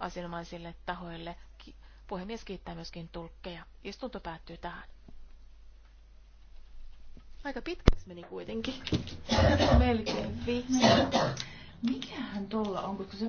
asianomaisille tahoille. Puhemies kiittää myöskin tulkkeja. Istunto päättyy tähän. Aika pitkäksi meni kuitenkin. Melkein viisi. Mikähän tuolla on, koska se